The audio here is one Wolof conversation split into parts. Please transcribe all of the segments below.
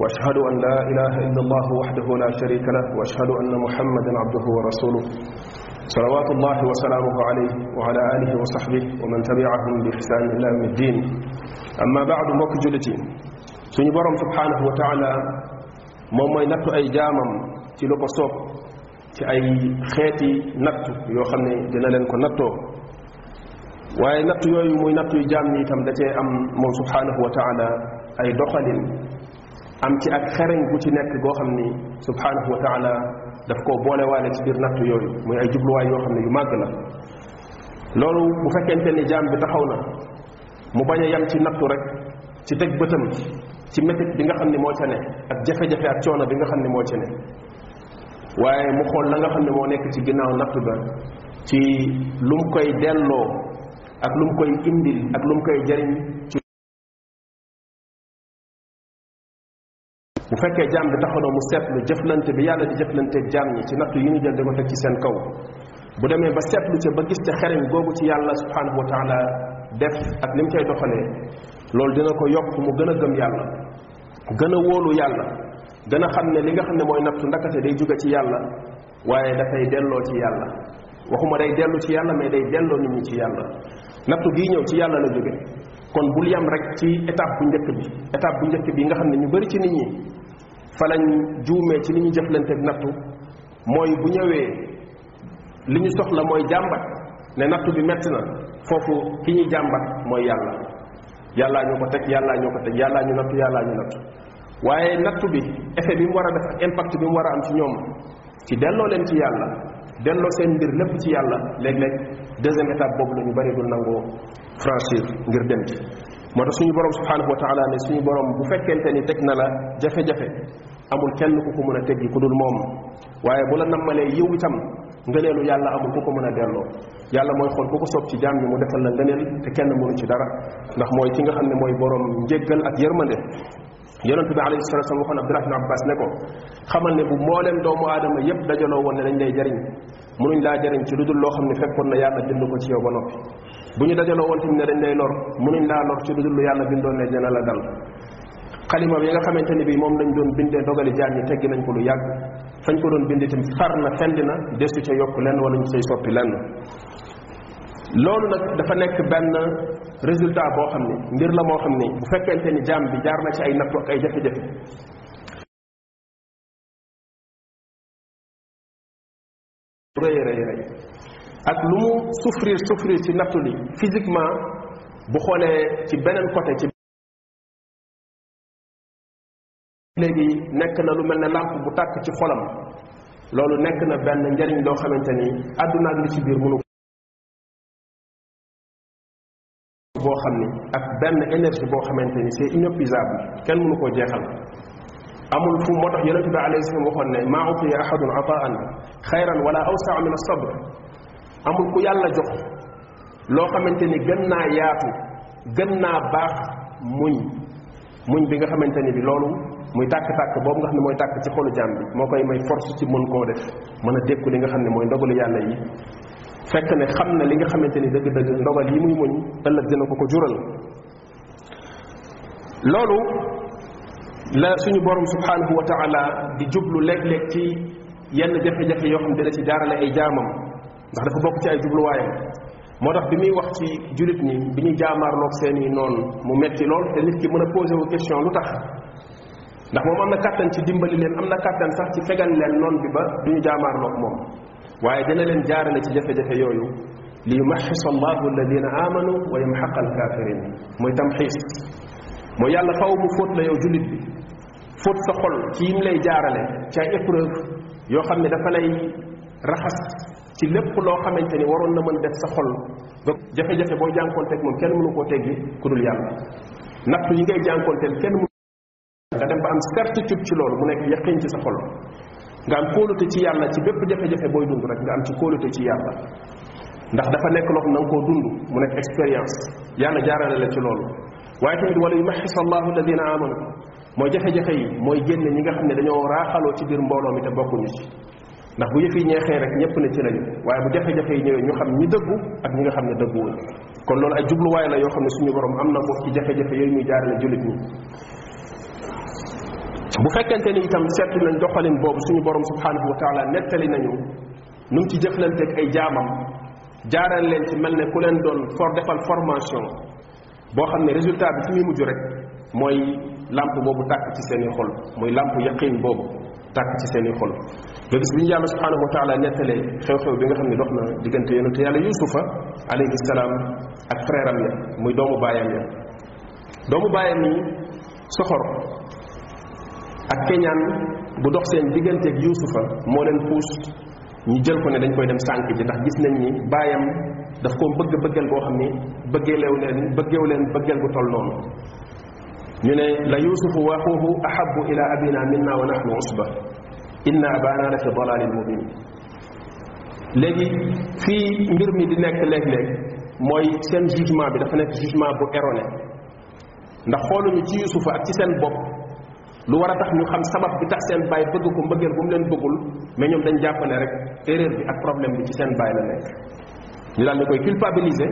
واشهد ان لا اله الا الله وحده لا شريك له واشهد ان محمدا عبده ورسوله صلوات الله وسلامه عليه وعلى اله وصحبه ومن تبعهم باحسان الى يوم الدين اما بعد موك جلتي سني سبحانه وتعالى موماي نتو اي جامم تي لوكو سوب اي خيتي نتو يوخني خامني دينا لين كو نتو واي نتو ام مول سبحانه وتعالى اي دوخالين am ci ak xereñ gu ci nekk goo xam ni subhaanahu wa taala daf koo boolewaale ci biir nattu yooyu muy ay jubluwaay yoo xam ne yu màgg la loolu bu fekkente ni jaam bi taxaw na mu bañ a yam ci nattu rek ci teg bëtam ci métit bi nga xam ne moo ca ne ak jafe-jafe ak coono bi nga xam ne moo ca ne waaye mu xool la nga xam ne moo nekk ci ginnaaw nattu ba ci lu mu koy delloo ak lu mu koy indil ak lu mu koy jariñ ci bu fekkee jaam bi taxanoo mu seetlu jëflante bi yàlla di jëflanteeg jaam ñi ci nattu yi ñu jël di ko teg ci seen kaw bu demee ba seetlu ci ba gis ca xereñ googu ci yàlla subhanahu wa taala def ak ni mu cay doxalee loolu dina ko yokk mu gën a gëm yàlla gën a wóolu yàlla gën a xam ne li nga xam ne mooy nattu ndakate day jóge ci yàlla waaye dafay delloo ci yàlla waxuma day dellu ci yàlla may day delloo nit ñi ci yàlla nattu gii ñëw ci yàlla la jóge kon bul yam rek ci étape bu njëkk bi étape bu njëkk bi nga xam ne ñu bari ci nit ñi fa lañ juumee ci li ñu jëflanteeg nattu mooy bu ñëwee li ñu soxla mooy jàmbat ne nattu bi metti na foofu ki ñuy jàmbat mooy yàlla yàllaa ñoo ko teg yàlla ñoo ko teg yàllaa ñu nattu yàllaa ñu nattu waaye nattu bi effet bi mu war a def ak impact bi mu war a am ci ñoom ci delloo leen ci yàlla delloo seen mbir lépp ci yàlla léeg-léeg deuxième étape boobu la ñu bari dul nangoo franchir ngir dem ci moo tax suñu borom subhaanahu wa taala ne suñu borom bu fekkente ni teg na la jafe-jafe amul kenn ku ko mën a teggi ku dul moom waaye bu la nammalee yiw itam ngëneelu yàlla amul ku ko mën a delloo yàlla mooy xool ku ko soob ci jaam yi mu defal la ngëneel te kenn mënu ci dara ndax mooy ki nga xam ne mooy borom njéggal ak yërmande yonent bi alayhi salatu wasallam waxoon abdullah bin abbas ne ko xamal ne bu mbooleem doomu aadama yépp dajaloo woon ne dañ lay jariñ mënuñ laa jariñ ci lu dul loo xam ne fekkoon na yàlla bind ko ci yow ba noppi bu ñu dajaloo woon tamit ne dañ lay lor mënuñ laa lor ci lu dul lu yàlla bindoon ne dina la dal xalima bi nga xamante ni bii moom lañ doon bindee dogali jaam yi teggi nañ ko lu yàgg fañ ko doon bind itam far na fend na des desu ca yokk lenn wala ñu say soppi lenn loolu nag dafa nekk benn résultat boo xam ne ngir la moo xam ne bu fekkente ni jaam bi jaar na ci ay nattu ak ay jafe rëy rëy rëy ak lu mu souffrir souffrir ci nattu li physiquement bu xoolee ci beneen côté ci léegi nekk na lu mel ne làmp bu tàkk ci xolam loolu nekk na benn njariñ loo xamante ni àdduna ak li ci biir mënu boo xam ni ak benn énergie boo xamante ni c'est inépuisable kenn mënu koo jeexal amul fu moo tax yonente bi alayhi salaam waxoon ne maa utiya ahadun ataan xayran wala awsaa min asabr amul ku yàlla jox loo xamante ni gën naa yaatu gën naa baax muñ muñ bi nga xamante ni bi loolu muy tàkk-tàkk boobu nga xam ne mooy tàkk ci xolu jaam bi moo koy may force ci mën koo def mën a dékku li nga xam ne mooy ndogalu yàlla yi fekk ne xam na li nga xamante ni dëgg-dëgg ndogal yi muy muñ ëllëg dina ko ko jural loolu la suñu borom subhanahu wa taala di jublu léeg-léeg ci yenn jafe-jafe yoo xam dana ci jaarale ay jaamam ndax dafa bokk ci ay jubluwaayam moo tax bi muy wax ci julit ni bi ñuy jaamaarloog seen i noonu mu metti lool te nit ki mën a posé wu question lu tax ndax moom am na kàttan ci dimbali leen am na kàttan sax ci fegal leen noon bi ba duñu jaamaarloog moom waaye dina leen jaarale ci jafe-jafe yooyu li yumaxisa allahu alladina amanu wa yumxaqa alkafirin muy tamxiis mooy yàlla faw mu fóot la yow julit bi fóot sa xol ci yim lay jaarale ci épreuve yoo xam ne dafa lay raxas ci lépp loo xamante ni waroon na mën def sa xol ba jafe-jafe boo jànkoonteeg moom kenn mënu koo teggi ku dul yàlla nattu yi ngay jànkoonteel kenn mënu nga dem ba am certitude ci loolu mu nekk yaqin ci sa xol nga am kóolute ci yàlla ci bépp jafe-jafe booy dund rek nga am ci kóolute ci yàlla ndax dafa nekk loo xam na nga koo dund mu nekk expérience yàlla jaarale la ci loolu waaye mooy jafe-jafe yi mooy génne ñi nga xam ne dañoo raaxaloo ci biir mbooloo mi te bokkuñu ci ndax bu yëf yi ñeexee rek ñëpp ne ci lañu waaye bu jafe-jafe yi ñëwee ñu xam ñu dëggu ak ñi nga xam ne dëgguwuñ kon loolu ay jubluwaay la yoo xam ne suñu borom am na ko ci jafe-jafe yooyu muy jaarale jullit ñi bu fekkente ni itam seetlu nañ doxalin boobu suñu borom subhanahu wa taala nettali nañu nu mu ci jëflanteeg ay jaamam jaarale leen ci mel ne ku leen doon for defal formation boo xam ne résultat bi fi muy rek mooy làmp boobu tàkk ci seen i xol muy làmp yaqin boobu tàkk ci seen i xol nga gis bi ñu yàlla subhanahu wa taala nettalee xew-xew bi nga xam ne dox na diggante yonente yàlla yusufa alayhi salaam ak frère am muy doomu baayam ya doomu baayam yi soxor ak keñaan bu dox seen digganteeg yusufa moo leen puus ñu jël ko ne dañ koy dem sànk ji ndax gis nañ ni baayam daf ko bëgg bëggal boo xam ne bëggee leew leen bëggeew leen bëggeel bu toll noonu ñu ne la yusufu wa waxuhu ahabu ila abina minna wa nahnu usba inna abana la fi dalalin mubin léegi fii mbir mi di nekk léeg-léeg mooy seen jugement bi dafa nekk jugement bu erroné ndax xooluñu ci yusufa ak ci seen bopp lu war a tax ñu xam sabab bi tax seen baay bëgg ko mbëggeel bu mu leen bëggul mais ñoom dañ jàpp ne rek erreur bi ak problème bi ci seen baay la nekk ñu daal ni koy culpabiliser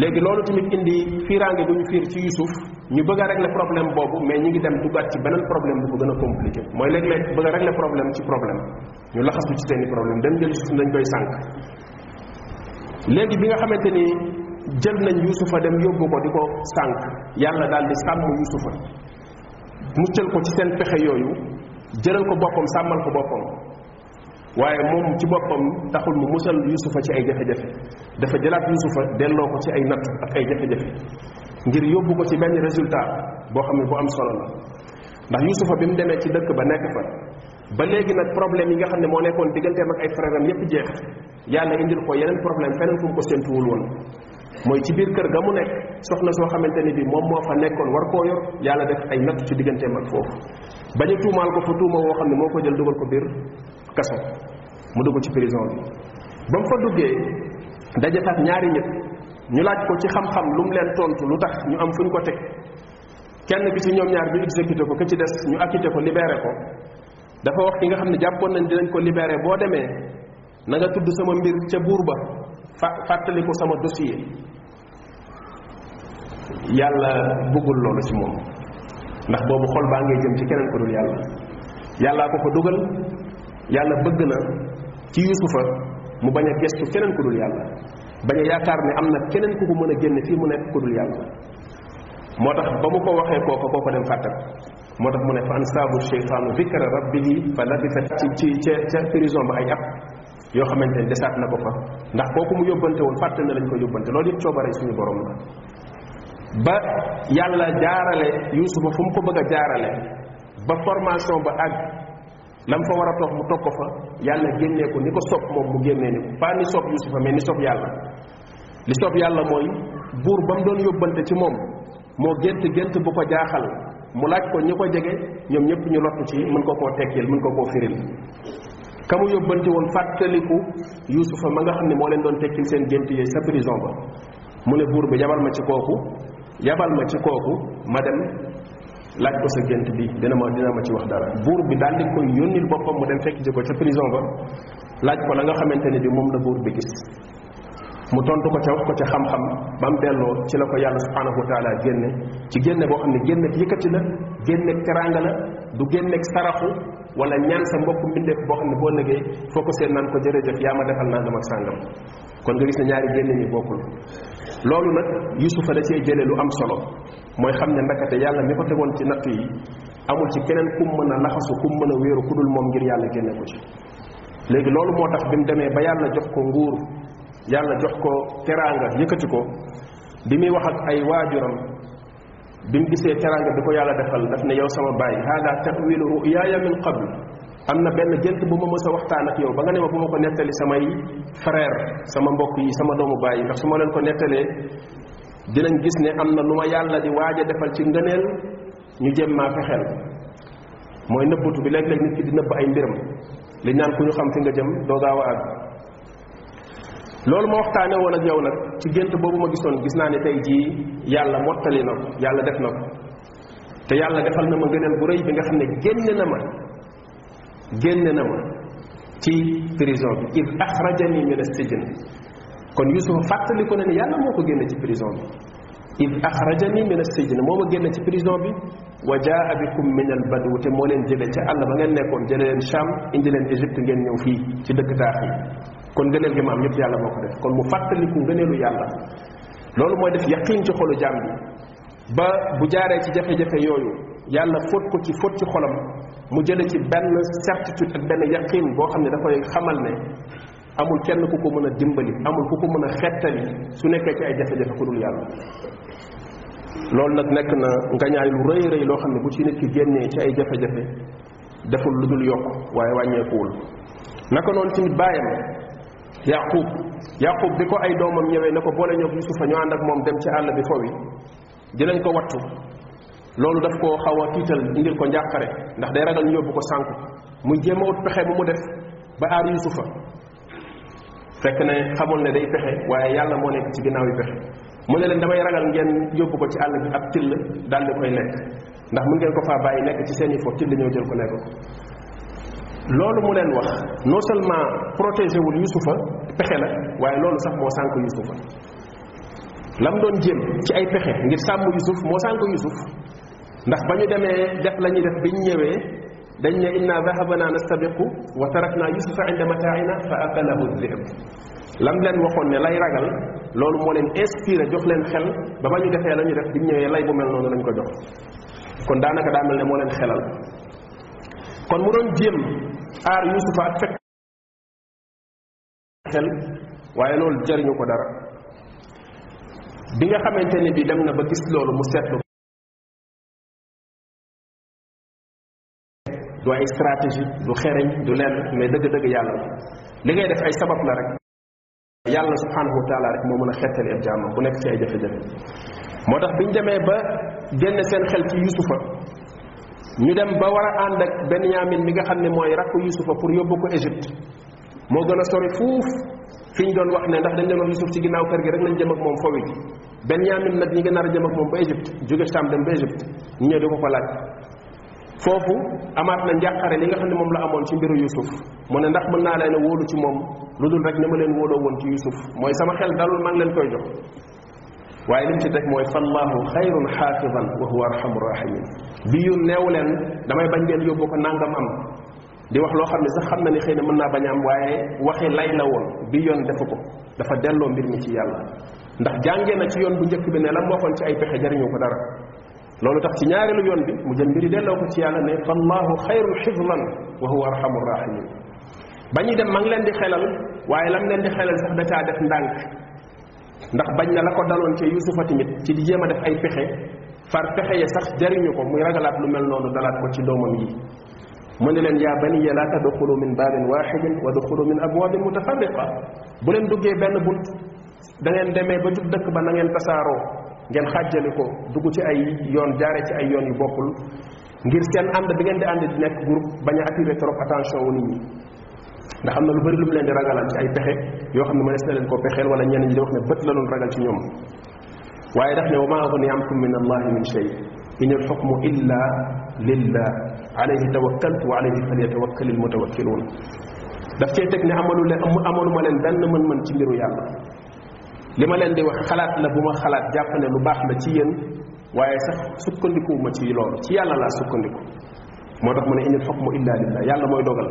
léegi loolu tamit indi fiiraange bu ñu fiir ci Yusuf ñu bëgg a régler problème boobu mais ñu ngi dem duggaat ci beneen problème bu ko gën a compliqué mooy léeg-léeg bëgg a régler problème ci problème ñu laxasu ci seeni problème dem jël Yusuf dañ koy sànq léegi bi nga xamante ni jël nañ Yusufa dem yóbbu ko di ko sànq yàlla daal di sàmm Yusufa muccal ko ci seen pexe yooyu jëlal ko boppam sàmmal ko boppam waaye moom ci boppam taxul mu musal yusufa ci ay jafe-jafe dafa jëlaat yusufa delloo ko ci ay natt ak ay jafe-jafe ngir yóbbu ko ci benn résultat boo xam ne bu am solo la ndax yusufa bi mu demee ci dëkk ba nekk fa ba léegi nag problème yi nga xam ne moo nekkoon digganteem ak ay frère am yépp jeex yàlla indil ko yeneen problème feneen fu mu ko séntuwul woon mooy ci biir kër ga mu nekk soxna soo xamante ni bi moom moo fa nekkoon war koo yor yàlla def ay natt ci digganteem ak foofu bañu tuumaal ko fa tuuma woo xam ne moo ko jël dugal ko biir kaso mu dugg ci prison bi ba mu fa duggee dajafaat ñaari nit ñu laaj ko ci xam-xam lu mu leen tontu lu tax ñu am fu ñu ko teg kenn bi ci ñoom ñaar ñu exécuté ko ka ci des ñu acquitté ko libéré ko dafa wax ki nga xam ne jàppoon nañ dinañ ko libéré boo demee na nga tudd sama mbir ca buur ba fa fàttali ko sama dossier yàlla buggul loolu ci moom ndax boobu xol baa ngay jëm ci keneen ko dul yàlla yàllaa ko ko dugal yàlla bëgg na ci yusufa mu bañ a gestu keneen ku dul yàlla bañ a yaakaar ni am na keneen ku ko mën a génne fii mu nekk ku dul yàlla moo tax ba mu ko waxee koo kooka kooka dem fàtte moo tax mu ne fa ansaabu cheytaanu bi rabbihi fa labisa ci ci ca ca prison ba ay at yoo xamante ne desaat na ko fa ndax kooku mu yóbbante woon fàtte na lañ ko yóbbante loolu yëpp coobare suñu borom la ba yàlla jaarale yusufa fu mu ko bëgg a jaarale lam fa war a toog mu toog ko fa yàlla génnee ko ni ko sopp moom mu génnee ni ko pas ni sopp yusufa mais ni sob yàlla li sob yàlla mooy buur ba mu doon yóbbante ci moom moo gént gént bu ko jaaxal mu laaj ko ñi ko jege ñoom ñëpp ñu lottu ci mën ko koo tekkil mën ko koo firil ka mu yóbbante woon fàttaliku yusufa ma nga xam ne moo leen doon tekkil seen gént yooyu sa prison ba mu ne buur bi yabal ma ci kooku yabal ma ci kooku ma dem laaj ko sa gént bi dina ma dina ma ci wax dara buur bi daal di koy yónnil boppam mu dem fekk ji ko ca prison ba laaj ko la nga xamante ne bi moom la buur bi gis mu tontu ko ca wax ko ca xam-xam ba mu delloo ci la ko yàlla subhaanahu wa taala génne ci génne boo xam ne génn génnek yëkkati la génnek teraanga la du génnek saraxu wala ñaan sa mbokk mbindeef boo xam ne boo lëgee foo ko seen naan ko jërëjëf yaa ma defal naa ak sàngam kon nga gis ne ñaari génne ñi bokkul loolu nag yusufa da cee jële lu am solo mooy xam ne ndakate yàlla mi ko tegoon ci natt yi amul ci keneen kum mën a laxasu kum mën a wéeru ku dul moom ngir yàlla génne ko ci léegi loolu moo tax bi mu demee ba yàlla jox ko nguur yàlla jox ko teraanga yëkkati ko bi muy wax ak ay waajuram bi mu gisee teraanga bi ko yàlla defal daf ne yow sama baay haada tawilu ruyaaya min qabl am na benn gént bu ma mës a waxtaan ak yow ba nga ne ma bu ma ko nettali samay frère sama mbokk yi sama doomu baay yi ndax su ma leen ko nettalee dinañ gis ne am na lu ma yàlla di waaj a defal ci ngëneel ñu jëm maa fexeel mooy nëbbatu bi léeg-léeg nit ki di nëbb ay mbiram li naan ku ñu xam fi nga jëm doo gaaw loolu ma waxtaane woon ak yow nag ci gént boobu ma gisoon gis naa ni tey jii yàlla mottali na ko yàlla def na ko te yàlla defal na ma ngëneel bu rëy bi nga xam ne génne na ma génne na ma ci prison bi id axrajani min as-sijn kon Yuusufa fàttaliku na ne yàlla moo ko génne ci prison bi id axrajani min as-sijn moo ma génne ci prison bi wa jaa bikum min al-badwi te moo leen jële ca àll ba ngeen nekkoon jële leen Sham indi leen Égypte ngeen ñëw fii ci dëkk taax yi kon ngëneel gi ma am yëpp yàlla moo ko def kon mu fàttaliku ngëneelu yàlla loolu mooy def yaqiin ci xolu jaam ba bu jaaree ci jafe-jafe yooyu yàlla fóot ko ci fóot ci xolam mu jële ci benn certitude ak benn yaqiin boo xam ne da koy xamal ne amul kenn ku ko mën a dimbali amul ku ko mën a xettali su nekkee ci ay jafe-jafe ku dul yàlla loolu nag nekk na ngañaay lu rëy rëy loo xam ne bu ci nit ki génnee ci ay jafe-jafe deful lu dul yokk waaye wàññeekuwul naka noonu tamit bàyyam yaqub yaqub bi ko ay doomam ñëwee ne ko boole ñoog yusufa ñu ànd ak moom dem ci àll bi fowi dinañ ko wattu loolu daf koo xaw a tiital indil ko njàqare ndax day ragal ñu yóbbu ko sànku muy jéem a ut pexe bu mu def ba aar yusufa fekk ne xamul ne day pexe waaye yàlla moo nekk ci ginnaaw yi pexe mu ne leen damay ragal ngeen yóbbu ko ci àll bi ab till daal di koy lekk ndax mun ngeen ko faa bàyyi nekk ci seen i foofu till ñëw jël ko lekk ko loolu mu leen wax noo seulement protégé wul yusufa pexe la waaye loolu sax moo sànk yusufa lam doon jéem ci ay pexe ngir sàmm yusuf moo sànk yusuf ndax ba ñu demee def lañuy def bi ñu ñëwee dañ ne inna dahabana nastabiqu wa tarakna yusufa inda mataina fa akalahu dhib lam leen waxoon ne lay ragal loolu moo leen inspiré jox leen xel ba ba ñu defee la ñu def bi ñu ñëwee lay bu mel noonu lañ ko jox kon daanaka daa mel ne moo leen xelal kon mu doon jéem aar yusufa ak fekk xel waaye loolu jariñu ko dara bi nga xamante ne bi dem na ba gis loolu mu seetlu du ay stratégie du xereñ du lenn mais dëgg-dëgg yàlla li ngay def ay sabab la rek yàlla subhanahu wa taala rek moo mën a xettali ab jaamam ku nekk ci ay jafe-jafe moo tax biñ demee ba génn seen xel ci yusufa ñu dem ba war a ànd ak benn yaamin mi nga xam ne mooy rakku yusufa pour yóbbu ko égypte moo gën a sori fuuf fiñ doon wax ne ndax dañ doon wax yusuf ci ginnaaw kër gi rek lañ jëm ak moom fowi ji benn yaamin nag ñi nga nar a jëm ak moom ba égypte jóge sam dem ba égypte ñu ñëw di ko ko laaj foofu amaat na njàqare li nga xam ne moom la amoon ci mbiru yusuf mu ne ndax mën naa leen a wóolu ci moom lu dul rek ni ma leen wooloo woon ci yusuf mooy sama xel dalul maa ngi leen koy jox waaye li mu ci teg mooy fallahu xayrun xaafidan wa huwa arhamu rahimin bi yu leen damay bañ ngeen yóbbu ko nangam am di wax loo xam ne sax xam na ni xëy na mën naa bañ am waaye waxi lay la woon bi yoon defu ko dafa delloo mbir mi ci yàlla ndax jàngee na ci yoon bu njëkk bi ne la moo xoon ci ay pexe jariñu ko dara loolu tax ci ñaareelu yoon bi mu jël mbiri delloo ko ci yàlla ne fallahu xayru xiflan wa huwa arhamu rahimin ba ñuy dem ma ngi leen di xelal waaye lam leen di xelal sax da caa def ndànk ndax bañ na la ko daloon ca yusufa timit ci di jema def ay pexe far pexe ya sax jariñu ko muy ragalat lu mel nonu dalat ko ci domam yi mune len ya bani ya la tadkhulu min babin wahidin wa duxulu min abwabin mutafarriqa bu len duggé ben bunt da ngeen démé ba jup dëkk ba na ngeen tasaaroo ngeen xàjjale ko dugg ci ay yoon jaare ci ay yoon yu bokkul ngir seen ànd bi ngeen di ànd di nekk gurup bañ a attirer trop attention wu nit ñi ndax am na lu bëri lu mu leen di ragalal ci ay pexe yoo xam ne ma mënees na leen ko pexeel wala ñenn ñi di wax ne bët la doon ragal ci ñoom waaye daf ne wa maa ugni ankum min allahi min shay in al xukmu illa lillah alayhi tawakkaltu wa alayhi falyatawakkal al mutawakkiluun daf cee teg ne amalu leen amaluma leen denn mën-mën ci mbiru yàlla li ma leen di wax xalaat la bu ma xalaat jàpp ne lu baax la ci yéen waaye sax sukkandikuwuma ci loolu ci yàlla laa sukkandiku moo tax mu ne inil xukmu illa lillah yàlla mooy dogal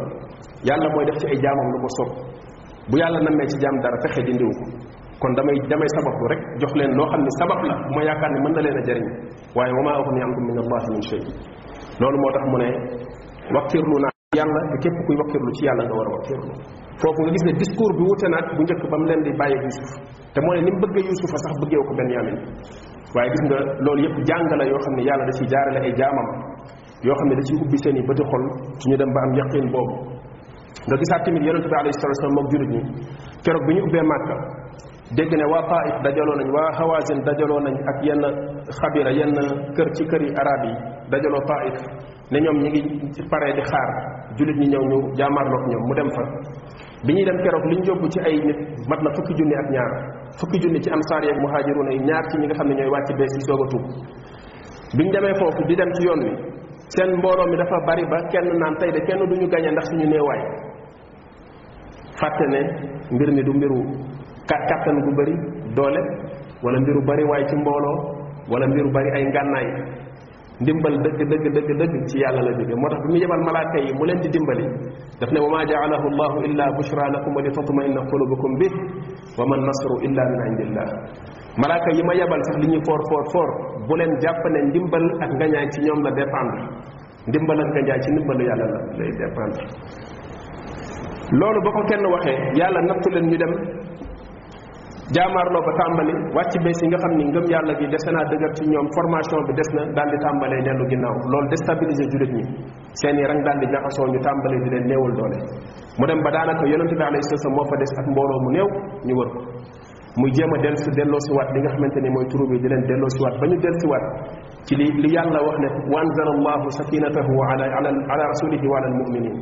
yàlla mooy def ci ay jaamam lu ko soob bu yàlla nammee ci jaam dara fexe di ndiw ko kon damay damay sabablu rek jox leen loo xam ne sabab la bu ma yaakaar ne mën na leen a jariñ waaye wa maa uxni ankum min allahi min shay loolu moo tax mu ne waqirlu na yàlla te képp kuy wakkirlu ci yàlla nga war a wakkirlu foofu nga gis ne discours bi wute naag bu njëkk ba mu leen di bàyyi Yuusuf te moo ne ni mu bëggee Yuusufa sax bëggeewu ko Benyamin waaye gis nga loolu yëpp jàng la yoo xam ne yàlla da ciy jaarale ay jaamam yoo xam ne da ciy ubbi seen i bëti xol ñu dem ba am yaqin boobu nga gisaat tamit yonente bi alayhi salatu wasallam mook jullit ñi keroog bi ñu ubbee màkka dégg ne waa Taif dajaloo nañ waa Hawazin dajaloo nañ ak yenn xabira yenn kër ci kër yi arab yi dajalo taif ne ñoom ñi ngi pare di xaar julit ñi ñëw ñu jaamarloog ñoom mu dem fa bi ñuy dem keroog liñ jobbu ci ay nit mat na fukki junni ak ñaar fukki junni ci yi ak muhajirun yi ñaar ci ñi nga ñoy wacc be ci soga tu biñ di dem ci yoon wi seen mbooloo mi dafa bari ba kenn naan tay de kenn duñu gagné ndax suñu neway fàtte mbir mi du mbiru kàttan gu bari doole wala mbiru bari way ci mbooloo wala mbiru bari ay ngànnaay ndimbal dëgg dëgg dëgg dëgg ci yàlla la jóge moo tax bi mu yebal malaaka yi mu leen di dimbali daf ne wa maa jaalahu allahu illa bushra lakum wa li tatmainna qulubukum bih wa man nasru illa min indillah malaaka yi ma yebal sax li ñuy foor foor foor bu leen jàpp ne ndimbal ak ngañaay ci ñoom la dépendre ndimbal ak ngañaay ci ndimbalu yàlla la lay dépendre loolu ba ko kenn waxee yàlla nattu leen ñu dem jaamaarloo ba tàmbali wàcc bees yi nga xam ni ngëm yàlla gi dese naa dëgër ci ñoom formation bi des na daal di tàmbalee dellu ginnaaw lool déstabiliser jullit ñi seen i rang daal di jaxasoo ñu tàmbalee di leen néewal doole mu dem ba daanaka yonente bi alayhi salaam moo fa des ak mbooloo mu néew ñu wër ko muy jéem a dellu si delloo si waat li nga xamante ni mooy turu bi di leen delloo si waat ba ñu dellu si waat ci li li yàlla wax ne wa anzala allahu sakinatahu ala ala rasulihi wa ala almuminin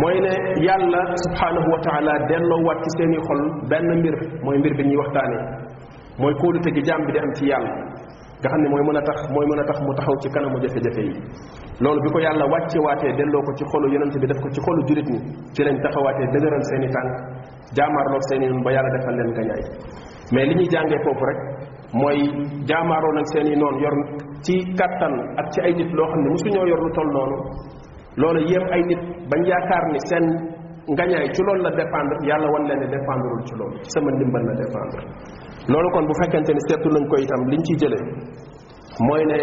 mooy ne yàlla subhaanahu wa taala delloo waat ci seeni xol benn mbir mooy mbir bi ñuy waxtaanee mooy kóolute gi jaam bi di am ci yàlla nga xam ne mooy mën a tax mooy mën a tax mu taxaw ci kanamu jafe-jafe yi loolu bi ko yàlla wàcce waatee delloo ko ci xolu yonente bi def ko ci xolu jurit ñi ci lañ taxawaatee dëgëral seeni tànk jaamaarloog seeni noonu ba yàlla defal leen gañaay mais li ñuy jàngee foofu rek mooy jaamaaroo nag seeni noonu yor ci kàttan ak ci ay nit loo xam ne mosuñoo yor lu toll noonu loolu yépp ay nit bañ yaakaar ni seen ngañaay ci loolu la dépendre yàlla wan leen ne dépendreul ci loolu sama ndimbal la dépendre loolu kon bu fekkente ni seetlu lañ ko itam li ñu ciy jëlee mooy ne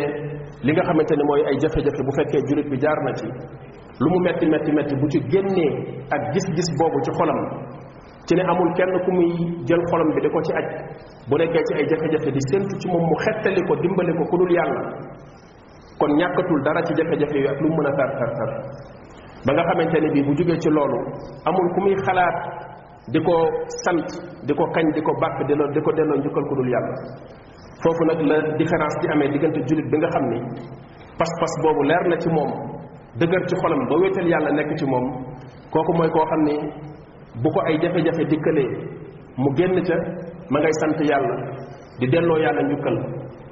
li nga xamante ni mooy ay jafe-jafe bu fekkee jurit bi jaar na ci lu mu metti metti metti bu ci génnee ak gis-gis boobu ci xolam ci ne amul kenn ku muy jël xolam bi di ko ci aj bu nekkee ci ay jafe-jafe di séntu ci moom mu xettali ko dimbali ko ku dul yàlla kon ñàkkatul dara ci jafe-jafe yi ak lu mën a tar tar tar ba nga xamante ne bii bu jógee ci loolu amul ku muy xalaat di ko sant di ko kañ di ko bàkk di di ko delloo njukkal ku dul yàlla foofu nag la différence di amee diggante julit bi nga xam ni pas-pas boobu leer na ci moom dëgër ci xolam ba wéetal yàlla nekk ci moom kooku mooy koo xam ni bu ko ay jafe-jafe dikkalee mu génn ca ma ngay sant yàlla di delloo yàlla njukkal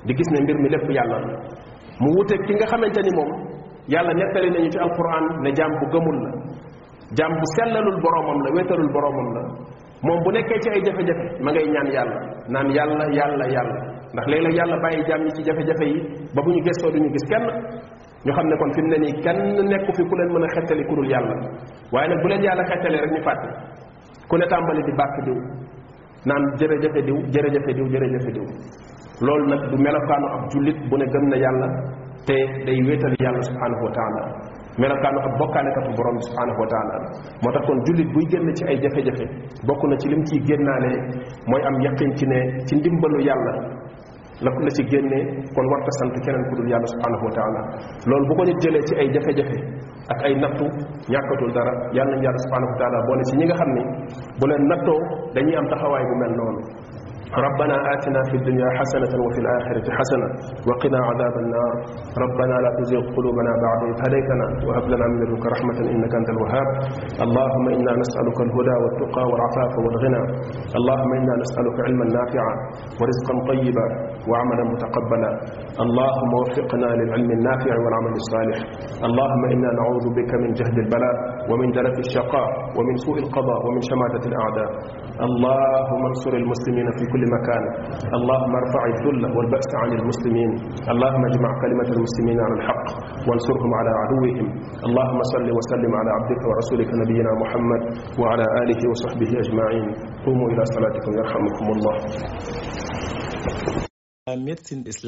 di gis ne mbir mi lépp yàlla mu wuté ki nga xamanteni mom yàlla nettali nañu ci alquran ne jam bu gëmul la jam bu sellalul boromam la wétalul boromam la mom bu nekké ci ay jafe-jafe ma ngay ñaan yàlla naan yàlla yàlla yàlla ndax léeg-léeg yàlla bàyyi jam ci jafe-jafe yi ba buñu ñu gestoo duñu gis kenn ñu xamné kon fi mu ne nii kenn nekku fi ku leen mëna a xettali ku dul yàlla waye nak bu leen yàlla xettalee rek ñu faté ku ne tàmbali di bàkk diw naan jere jafé diw jere jafé diw jere jafé diw loolu nag du melokaanu ab jullit bu ne gëm na yàlla te day wéetal yàlla subhaanahu wa taala melokaanu ab bokkaalekatu borom bi subhaanahu wa taala moo tax kon jullit buy génn ci ay jafe-jafe bokk na ci lim ciy génnaalee mooy am yaqin ci ne ci ndimbalu yàlla la la ci génnee kon war sant keneen ku dul yàlla subhaanahu wa taala loolu bu ko nit jëlee ci ay jafe ak ay nattu ñàkkatul dara yàlla nañ yàlla subhaanahu wa taala boole ci ñi nga xam ni bu leen nattoo dañuy am taxawaay bu mel noonu ربنا آتنا في الدنيا حسنة وفي الآخرة حسنة وقنا عذاب النار ربنا لا تزغ قلوبنا بعد إذ هديتنا وهب لنا من لدنك رحمة إنك أنت الوهاب اللهم إنا نسألك الهدى والتقى والعفاف والغنى اللهم إنا نسألك علما نافعا ورزقا طيبا وعملا متقبلا اللهم وفقنا للعلم النافع والعمل الصالح اللهم إنا نعوذ بك من جهد البلاء ومن دلة الشقاء ومن سوء القضاء ومن شماتة الأعداء اللهم انصر المسلمين في كل كل مكان اللهم ارفع الذل والبأس عن المسلمين اللهم اجمع كلمة المسلمين على الحق وانصرهم على عدوهم اللهم صل وسلم على عبدك ورسولك نبينا محمد وعلى آله وصحبه أجمعين قوموا إلى صلاتكم يرحمكم الله